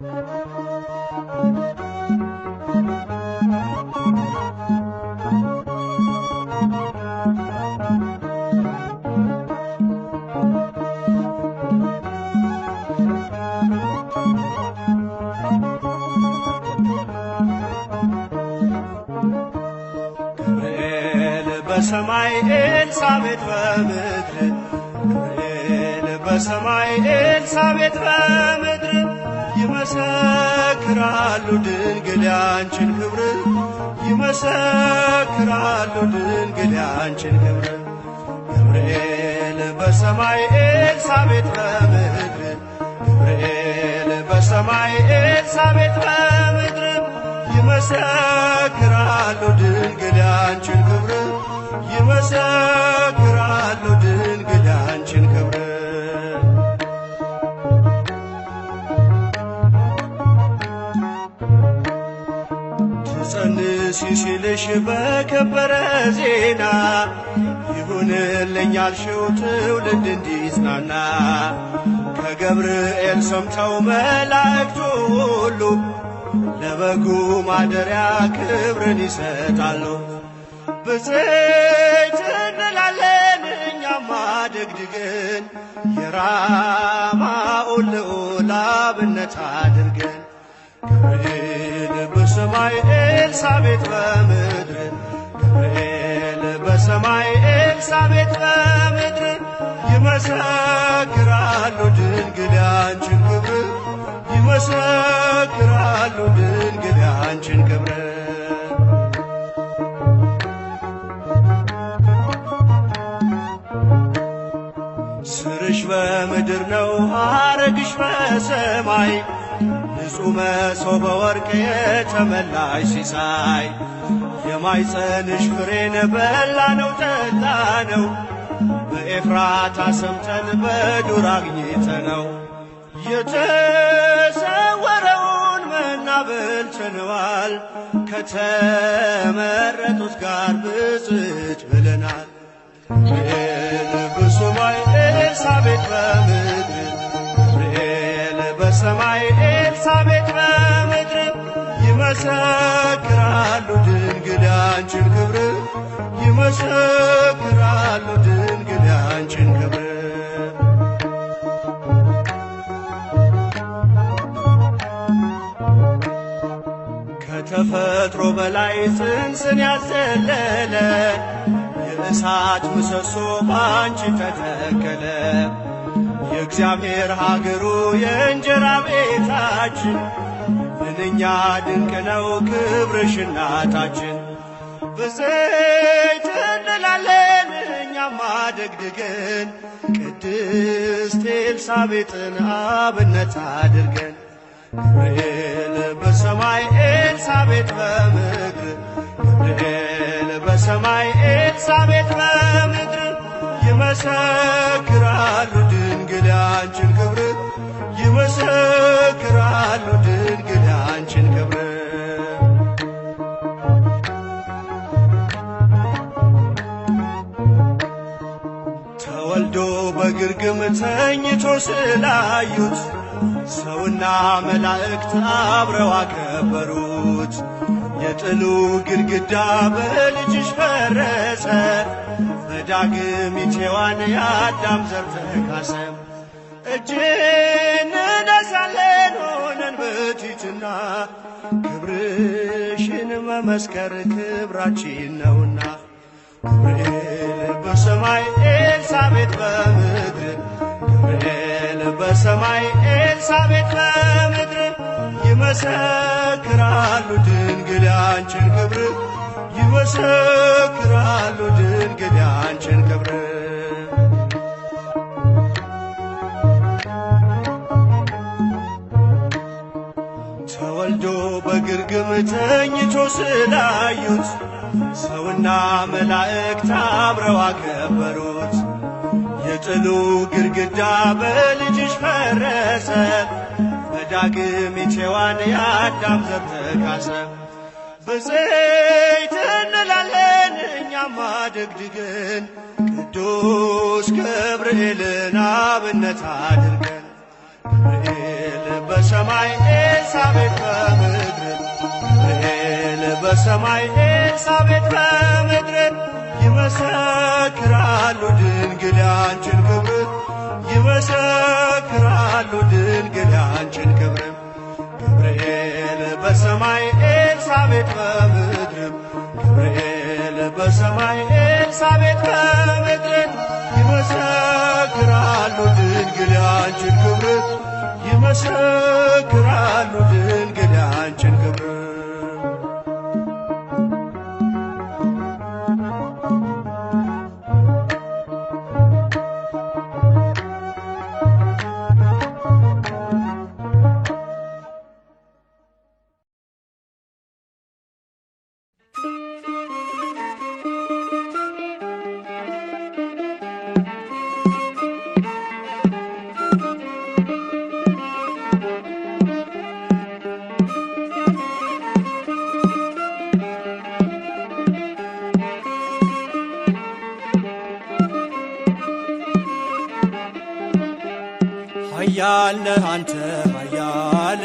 በሰማይ ኤልሳቤጥ በምድር በሰማይ በምድር ይመሰክራሉ ድንግል ያንቺን ክብር ይመሰክራሉ ድንግል ያንቺን ክብር ገብርኤል በሰማይ ቤት በምድር ገብርኤል በሰማይ ቤት በምድር ይመሰክራሉ ድንግል ያንቺን ክብር ይመሰክራሉ ቃልሽ በከበረ ዜና ይሁንልኝ ያልሽው ትውልድ እንዲጽናና ከገብርኤል ሰምተው መላእክቱ ሁሉ ለበጉ ማደሪያ ክብርን ይሰጣሉ። ብፅዕት እንላለን እኛማ ደግድግን የራማውን ልዑል አብነት አድርገን ገብርኤል በሰማይ ኤልሳቤጥ በምድር ገብርኤል በሰማይ ኤልሳቤጥ በምድር ይመሰክራሉ ድንግል ያንችን ክብር ይመሰክራሉ ድንግል ያንችን ክብር ስርሽ በምድር ነው አረግሽ በሰማይ መሶበ ወርቅ የተመላሽ ሲሳይ የማይፀንሽ ፍሬን በላ ነው ጠጣ ነው በኤፍራታ ሰምተን በዱር አግኝተ ነው የተሰወረውን መና በልተነዋል። ከተመረጡት ጋር ብፅዕት ብለናል። ርኤል ብሱማይ ኤልሳቤጥ በምድር ርኤል በሰማይ ኤልሳቤጥ በምድር ይመሰክራሉ ድንግል ያንቺን ክብር ይመሰክራሉ ድንግል ያንቺን ክብር ከተፈጥሮ በላይ ጽንስን ያዘለለ የእሳት ምሰሶ ባንቺ ተተከለ እግዚአብሔር ሀገሩ የእንጀራ ቤታችን ምንኛ ድንቅ ነው ክብርሽ እናታችን። ብፅዕት እንላለን እኛም አደግድገን ቅድስት ኤልሳቤጥን አብነት አድርገን ገብርኤል በሰማይ ኤልሳቤጥ በምድር ገብርኤል በሰማይ ኤልሳቤጥ በምድር ይመሰክራሉ ድንግል አንቺን ክብር ይመሰክራሉ ድንግል አንቺን ክብር ተወልዶ በግርግም ተኝቶ ስላዩት ሰውና መላእክት አብረው አከበሩት። የጥሉ ግድግዳ በልጅሽ ፈረሰ ዳግም ይቼዋን የአዳም ዘር ተካሰ እጅን ነሳለን ሆነን በቲትና ክብርሽን መመስከር ክብራችን ነውና ገብርኤል በሰማይ ኤልሳቤጥ በምድር ገብርኤል በሰማይ ኤልሳቤጥ በምድር ይመሰክራሉ ድንግል ያንችን ክብር ይመሰክራሉ ድንግል ያንችን ክብር ተወልዶ በግርግም ተኝቶ ስላዩት ሰውና መላእክት አብረው አከበሩት። የጥሉ ግድግዳ በልጅሽ ፈረሰ፣ በዳግም የሔዋን የአዳም ዘር ተካሰ። ብፅዕት እንላለን እኛማ ደግድገን ቅዱስ ገብርኤልን አብነት አድርገን ገብርኤል በሰማይ ኤልሳቤጥ በምድር ገብርኤል በሰማይ ኤልሳቤጥ በምድር ይመሰክራሉ ድንግል ያንችን ክብር ይመሰክራሉ ድንግል ያንችን ክብር ገብርኤል በሰማይ ኤልሳቤጥ በምድርም ገብርኤል በሰማይ ኤልሳቤጥ በምድርም ይመሰክራሉ ድንግል ያንችን ክብር ይመሰክራሉ ድንግል ያንችን ክብር ኃያል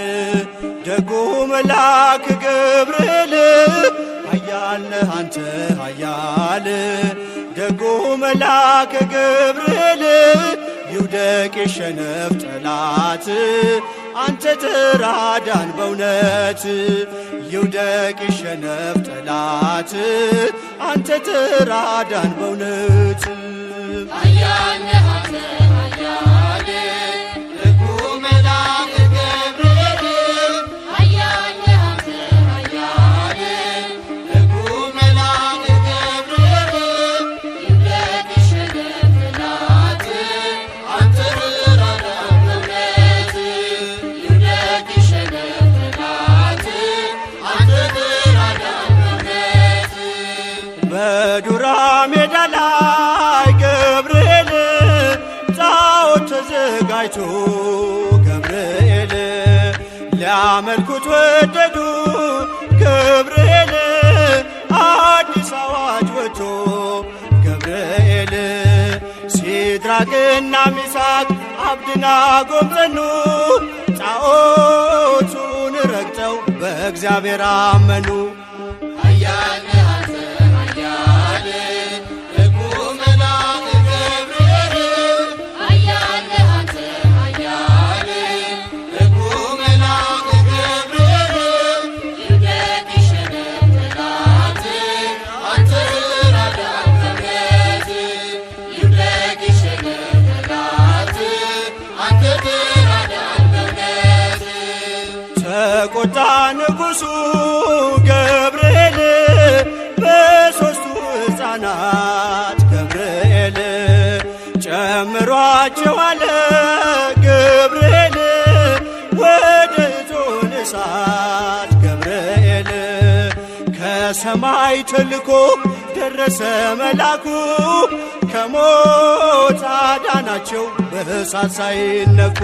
ደጉ መልአክ ገብርኤል ኃያል አንተ ኃያል ደጉ መልአክ ገብርኤል ይውደቅ ይሸነፍ ጠላት አንተ ትራዳን በእውነት ይውደቅ ይሸነፍ ጠላት አንተ ትራዳን በእውነት ኃያል ነህ አንተ መላእክቱ ገብርኤል ሊያመልኩት ወደዱ። ገብርኤል አዲስ አዋጅ ወጥቶ ገብርኤል ሲድራቅና ሚሳቅ አብድናጎም ጸኑ ጣዖቱን ረግጠው በእግዚአብሔር አመኑ። ወጣ ንጉሡ ገብርኤል በሦስቱ ሕፃናት ገብርኤል ጨምሯቸዋለ ገብርኤል ወደ እቶነ እሳት ገብርኤል ከሰማይ ተልኮ ደረሰ መላኩ ከሞት አዳናቸው በእሳት ሳይነኩ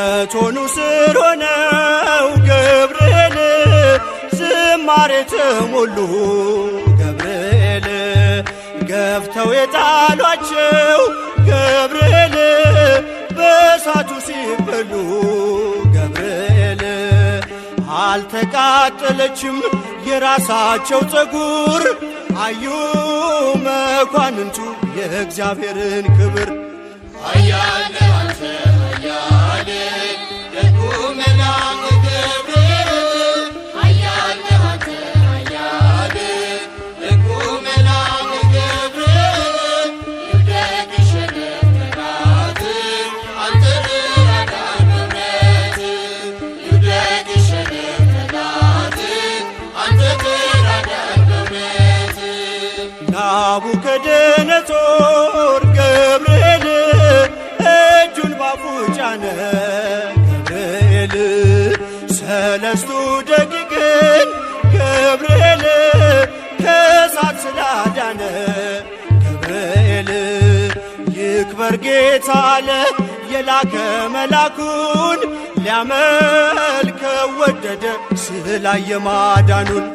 ከእቶኑ ስር ሆነው ገብርኤል ዝማሬ ተሞሉ ገብርኤል ገፍተው የጣሏቸው ገብርኤል በእሳቱ ሲበሉ ገብርኤል አልተቃጠለችም የራሳቸው ፀጉር አዩ መኳንንቱ የእግዚአብሔርን ክብር አያለ ናቡከደነጾር ገብርኤል እጁን ባፉ ጫነ ገብርኤል ሰለስቱ ደቂቅን ገብርኤል ከእሳት ስላዳነ ገብርኤል ይክበር ጌታ አለ የላከ መላኩን ሊያመልከ ወደደ ስላየ ማዳኑን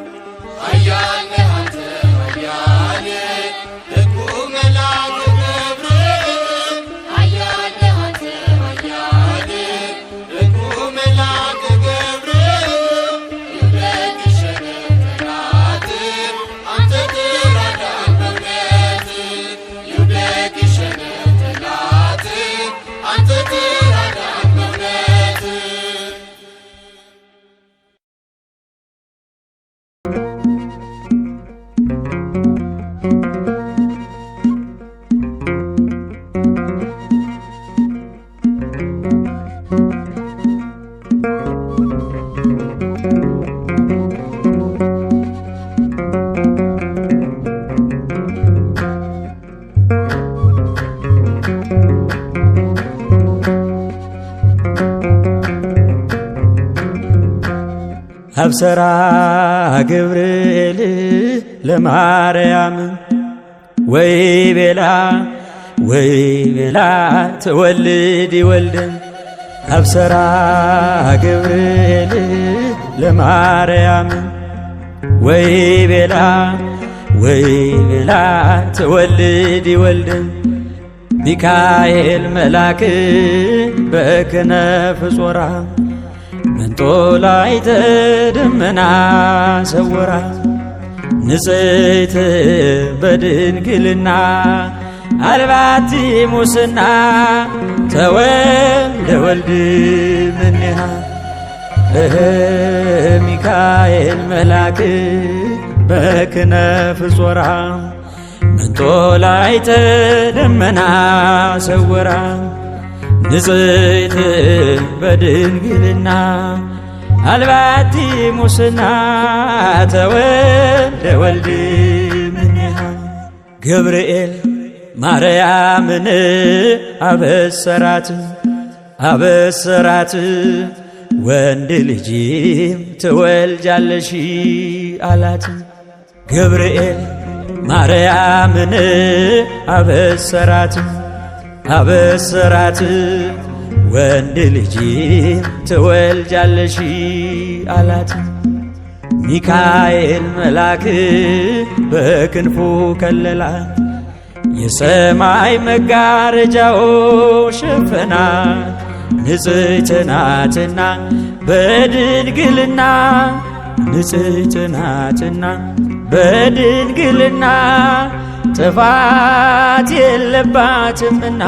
ሰራ ገብርኤል ለማርያም ወይ ቤላ ወይ ቤላ ተወልድ ይወልድን አብሰራ ገብርኤል ለማርያም ወይ ቤላ ወይ ቤላ ተወልድ ይወልድን ሚካኤል መላክ በክነፍ ጾራ ላይ ደመና ሰወራት ንጽሕት በድንግልና አልባቲ ሙስና ተወልደ ወልድ ምንሃ ሚካኤል መላክ በክነፍ ጾራ ላይ ደመና ሰወራ ንጽሕት በድንግልና አልባቲ ሙስና ተወልደ ወልድ ምንሃ ገብርኤል ማርያምን አበሰራት አበሰራት ወንድ ልጅም ትወልጃለሽ አላት። ገብርኤል ማርያምን አበሰራት አበሰራት ወንድ ልጅ ትወልጃለሽ አላት። ሚካኤል መልአክ በክንፉ ከለላ የሰማይ መጋረጃው ሸፈና ንጽሕት ናትና በድንግልና ንጽሕት ናትና በድንግልና ጥፋት የለባትምና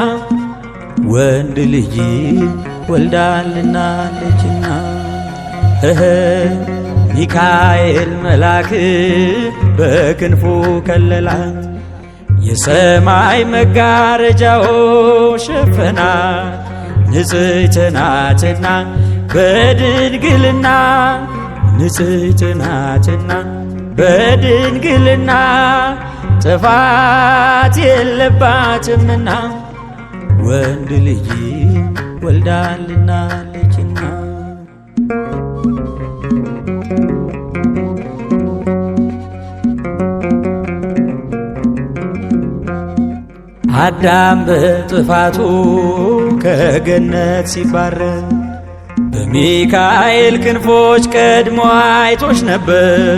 ወንድ ልጅ ወልዳልና ልጅና ሚካኤል መልአክ በክንፉ ከለላት የሰማይ መጋረጃው ሸፈና ንጽሕት ናትና በድንግልና ንጽሕት ናትና በድንግልና ጥፋት የለባትምና ወንድ ልጅ ወልዳልናለችና አዳም በጥፋቱ ከገነት ሲባረር በሚካኤል ክንፎች ቀድሞ አይቶች ነበር።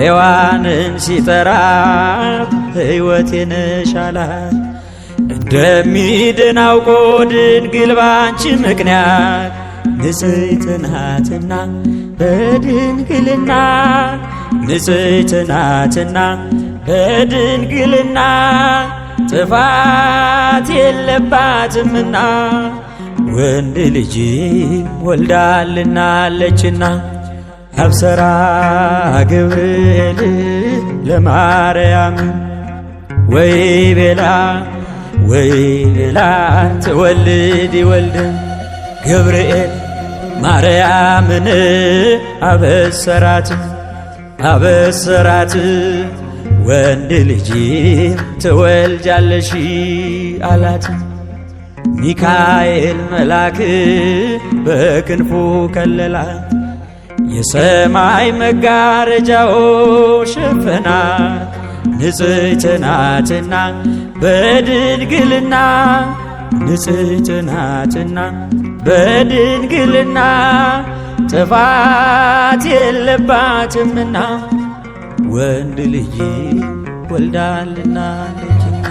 ሔዋንን ሲጠራ ሕይወቴ ነሽ አላት። እንደሚድን አውቆ ድንግል ባንቺ ምክንያት ንጽሕት ናትና በድንግልና ንጽሕት ናትና በድንግልና ጥፋት የለባትምና ወንድ ልጅ ወልዳልናለችና አብሰራ ገብርኤል ለማርያም ወይ ቤላ ወይ ቤላ ትወልድ ይወልድ ገብርኤል ማርያምን አበሰራት አበሰራት ወንድ ልጅ ትወልጃለሽ አላት። ሚካኤል መልአክ በክንፉ ከለላት። የሰማይ መጋረጃው ሸፈናት ንጽሕት ናትና በድንግልና ንጽሕት ናትና በድንግልና ጥፋት የለባትምና ወንድ ልጅ ወልዳልና ልጅና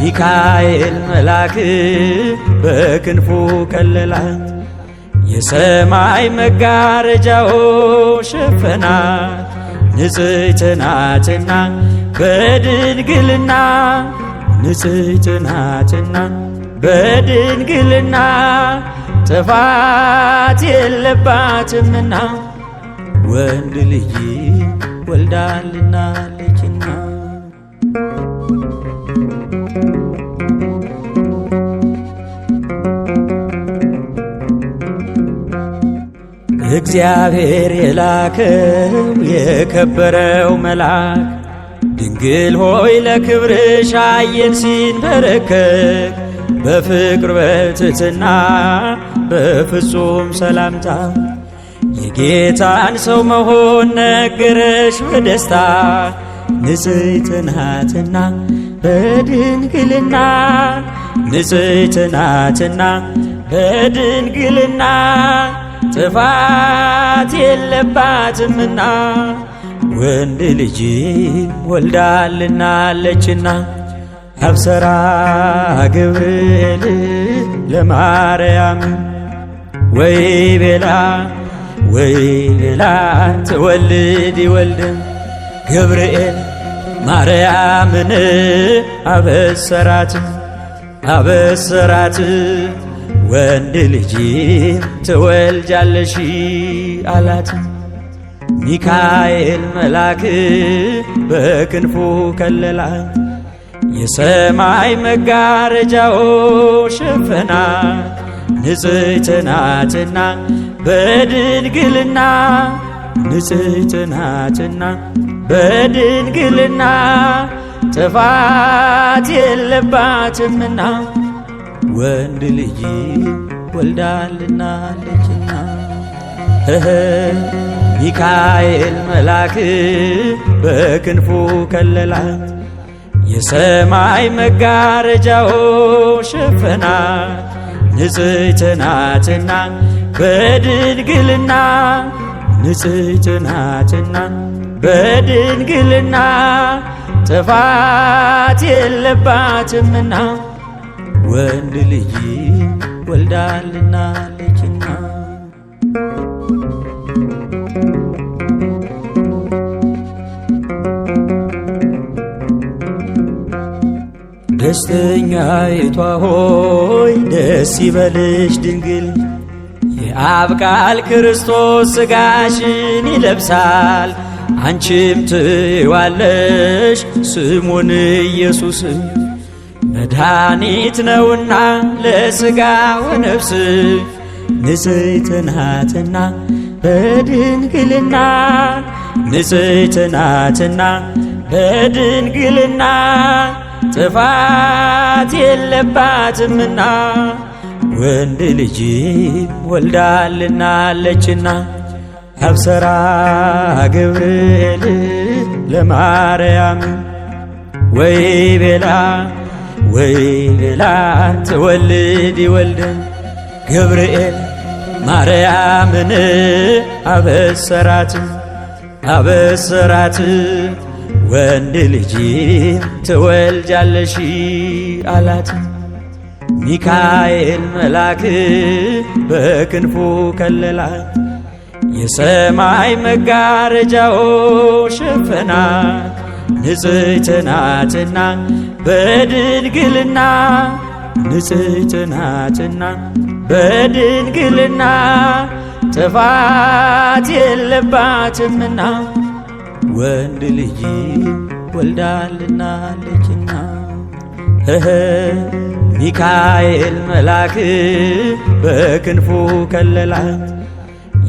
ሚካኤል መልአክ በክንፉ ከለላት የሰማይ መጋረጃው ሸፈናት ንጽሕት ናትና በድንግልና ንጽሕት ናትና በድንግልና ጥፋት የለባትምና ወንድ ልይ ወልዳልና ልጅ እግዚአብሔር የላከው የከበረው መልአክ ድንግል ሆይ ለክብርሽ አየን ሲንበረከክ በፍቅር በትትና በፍጹም ሰላምታ የጌታን ሰው መሆን ነገረሽ በደስታ ንጽሕት ናትና በድንግልና ንጽሕት ናትና በድንግልና ጥፋት የለባትምና ወንድ ልጅ ወልዳልናለችና አብሰራ ገብርኤል ለማርያም ወይ ቤላ ወይ ቤላ ትወልድ ይወልድ ገብርኤል ማርያምን አበሰራት አበሰራት ወንድ ልጅ ትወልጃለሽ አላት። ሚካኤል መልአክ በክንፉ ከለላ የሰማይ መጋረጃው ሸፈና ንጽሕት ናትና በድንግልና ንጽሕት ናትና በድንግልና ጥፋት የለባትምና ወንድ ልጅ ወልዳልና ልጅና ሚካኤል መልአክ በክንፉ ከለላት የሰማይ መጋረጃው ሸፈናት ንጽሕት ናትና በድንግልና ንጽሕት ናትና በድንግልና ጥፋት የለባትምና ወንድ ልጅ ወልዳልናለችና ደስተኛይቷ ሆይ ደስ ይበልሽ ድንግል የአብ ቃል ክርስቶስ ሥጋሽን ይለብሳል። አንቺም ትዋለሽ ስሙን ኢየሱስ መድኃኒት ነውና ለሥጋው ነፍስ ንጽሕት ናትና በድንግልና ንጽሕት ናትና በድንግልና ጥፋት የለባትምና ወንድ ልጅ ወልዳልናለችና አብሰራ ገብርኤል ለማርያም ወይ ቤላ ወይላንት ወልድ ይወልድን ገብርኤል ማርያምን አበሰራት አበሰራት ወንድ ልጅ ትወልጃለሽ አላት። ሚካኤል መልአክ በክንፉ ከለላት፣ የሰማይ መጋረጃው ሸፈናት። ንጽሕት ናትና በድንግልና ንጽሕት ናትና በድንግልና ጥፋት የለባትምና ወንድ ልጅ ወልዳልና ልጅና ሚካኤል መልአክ በክንፉ ከለላት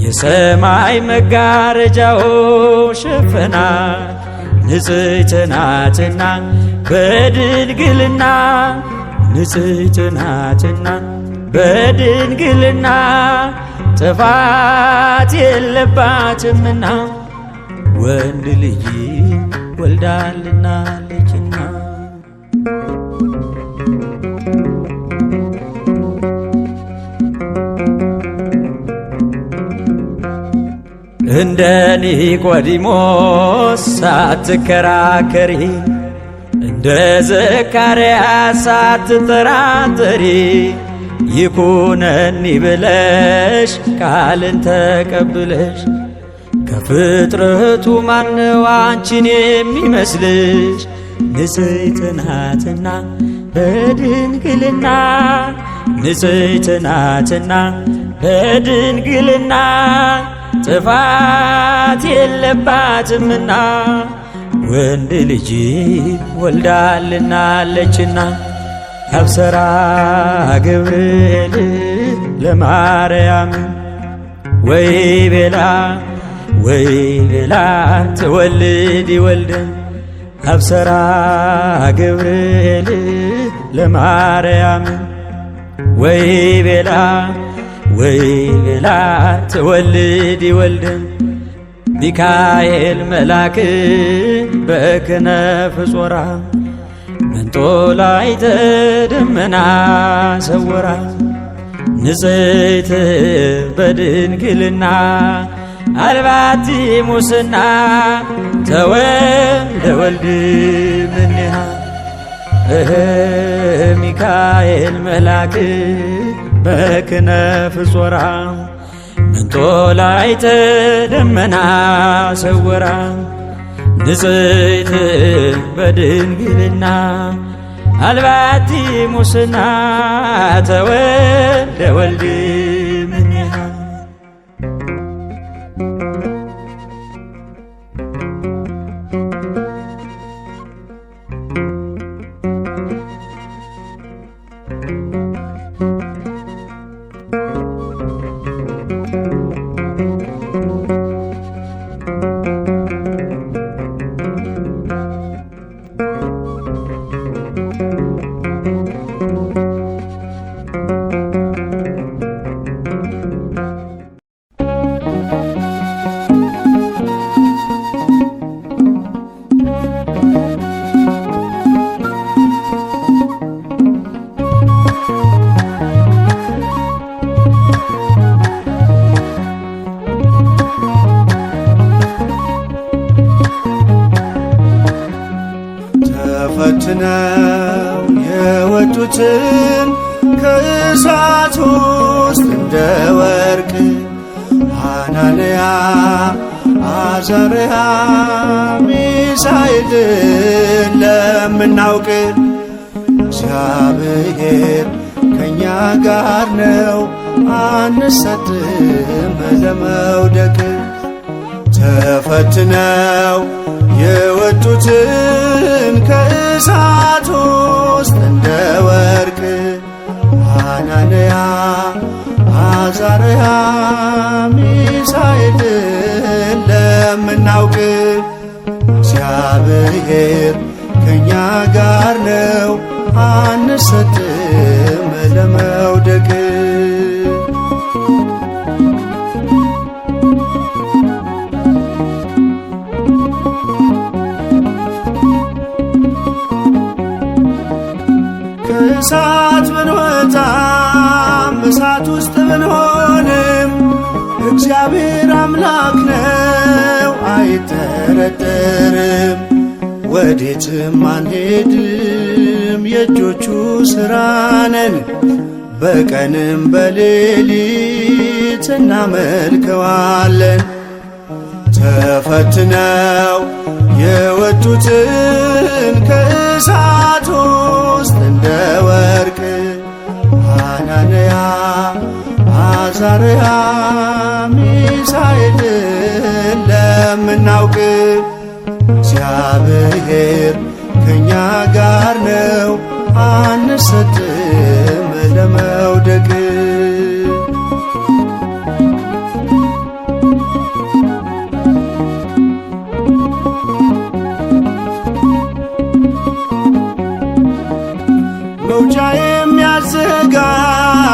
የሰማይ መጋረጃው ሸፈናት። ንጽሕት ናትና በድንግልና ንጽሕት ናትና በድንግልና ጥፋት የለባትምና ወንድ ልይ እንደ ኒቆዲሞስ ሳትከራከሪ እንደ ዘካርያስ ሳትጠራጠሪ ይኩነኒ ብለሽ ቃልን ተቀብለሽ ከፍጥረቱ ማነው አንቺን የሚመስልሽ? ንጽሕት ናትና በድንግልና ንጽሕት ናትና በድንግልና ጥፋት የለባትምና ወንድ ልጅ ወልዳልናለችና አብሰራ ገብርኤል ለማርያም ወይ ቤላ ወይ ቤላ ትወልድ ይወልድ አብሰራ ገብርኤል ለማርያም ወይ ቤላ ወይ ብላ ትወልድ ይወልድም ሚካኤል መላክ በክነፍ ጾራ መንጦላዕተ ደመና ሰውራ ንጽሕት በድንግልና አልባቲ ሙስና ተወልደ ወልድ ምንሃ ሚካኤል መልአክ በክነፍ ጾራ መንጦላዕተ ደመና ሰውራ ንጽሕት በድንግልና አልባቲ ሙስና ተወልደ ወልድ አንሰጥም ለመውደቅ ተፈትነው የወጡትን ከእሳት ውስጥ እንደ ወርቅ አናንያ አዛርያ ሚሳኤልን ለምናውቅ እግዚአብሔር ከእኛ ጋር ነው አንሰጥም ለመውደቅ እሳት ብንወጣም እሳት ውስጥ ብንሆንም እግዚአብሔር አምላክ ነው አይጠረጠርም። ወዴትም አንሄድም የእጆቹ ሥራ ነን። በቀንም በሌሊት እናመልከዋለን። ተፈትነው የወጡትን ከእሳት ውስጥ እንደ ወርቅ ሐናንያ አዛርያ ሚሳኤልን ለምናውቅ እግዚአብሔር ከእኛ ጋር ነው አንሰጥም ለመውደቅ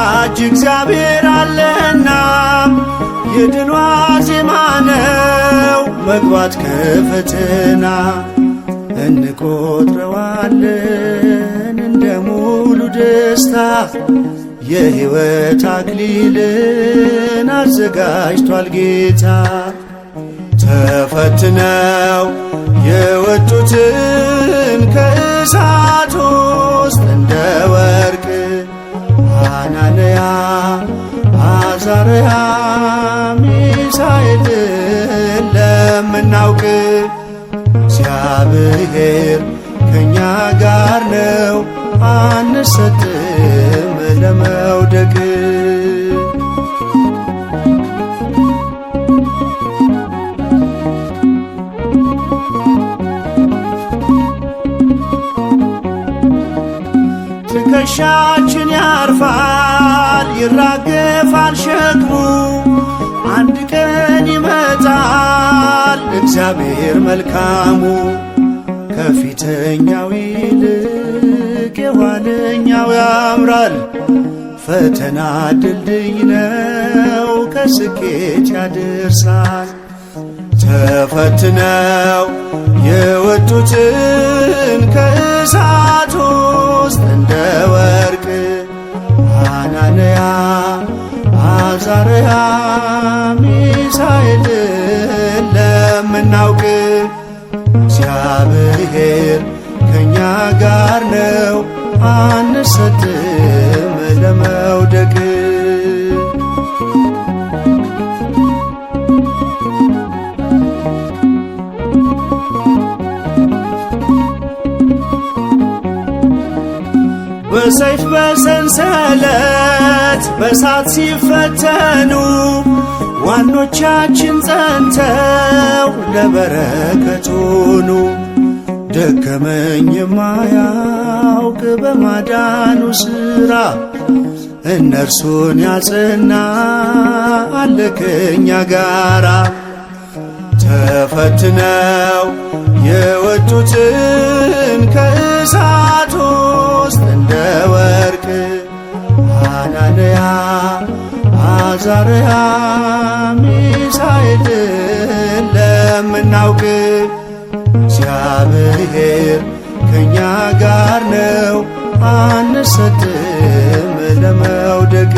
ወዳጅ እግዚአብሔር አለና የድሏ ዜማ ነው መግባት ከፈተና እንቆጥረዋለን እንደ ሙሉ ደስታ የሕይወት አክሊልን አዘጋጅቷል ጌታ። ተፈትነው የወጡትን ከእሳት ውስጥ እንደ ወርቅ አናንያ፣ አዛርያ፣ ሚሳኤልን ለምናውቅ እግዚአብሔር ከእኛ ጋር ነው፣ አንሰጥም ለመውደቅ ትከሻችን ያርፋል፣ ይራገፋል ሸክሙ። አንድ ቀን ይመጣል እግዚአብሔር መልካሙ። ከፊተኛው ይልቅ የኋለኛው ያምራል። ፈተና ድልድይ ነው፣ ከስኬት ያደርሳል። ተፈትነው የወጡትን ከእሳት ውስጥ እንደ ወርቅ አናንያ አዛርያ ሚሳኤልን ለምናውቅ እግዚአብሔር ከእኛ ጋር ነው አንሰጥም ለመውደቅ በሰይፍ በሰንሰለት በእሳት ሲፈተኑ ዋኖቻችን ጸንተው ለበረከቱኑ ደከመኝ የማያውቅ በማዳኑ ሥራ እነርሱን ያጽና አለ ከኛ ጋራ ተፈትነው የወጡትን ከእሳት ውስጥ ዘወርቅ አናንያ አዛርያ ሚሳኤልን ለምናውቅ እግዚአብሔር ከእኛ ጋር ነው አንሰጥም ለመውደቅ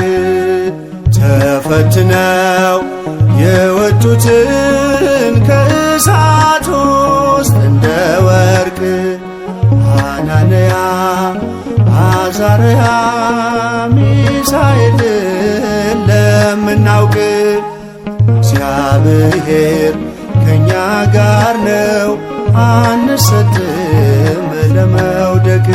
ተፈትነው የወጡትን ከእሳት ውስጥ እንደ ወርቅ አናንያ ዘርአ ሚሳኤል ለምናውቅ እግዚአብሔር ከእኛ ጋር ነው አንሰጥም ለመውደቅ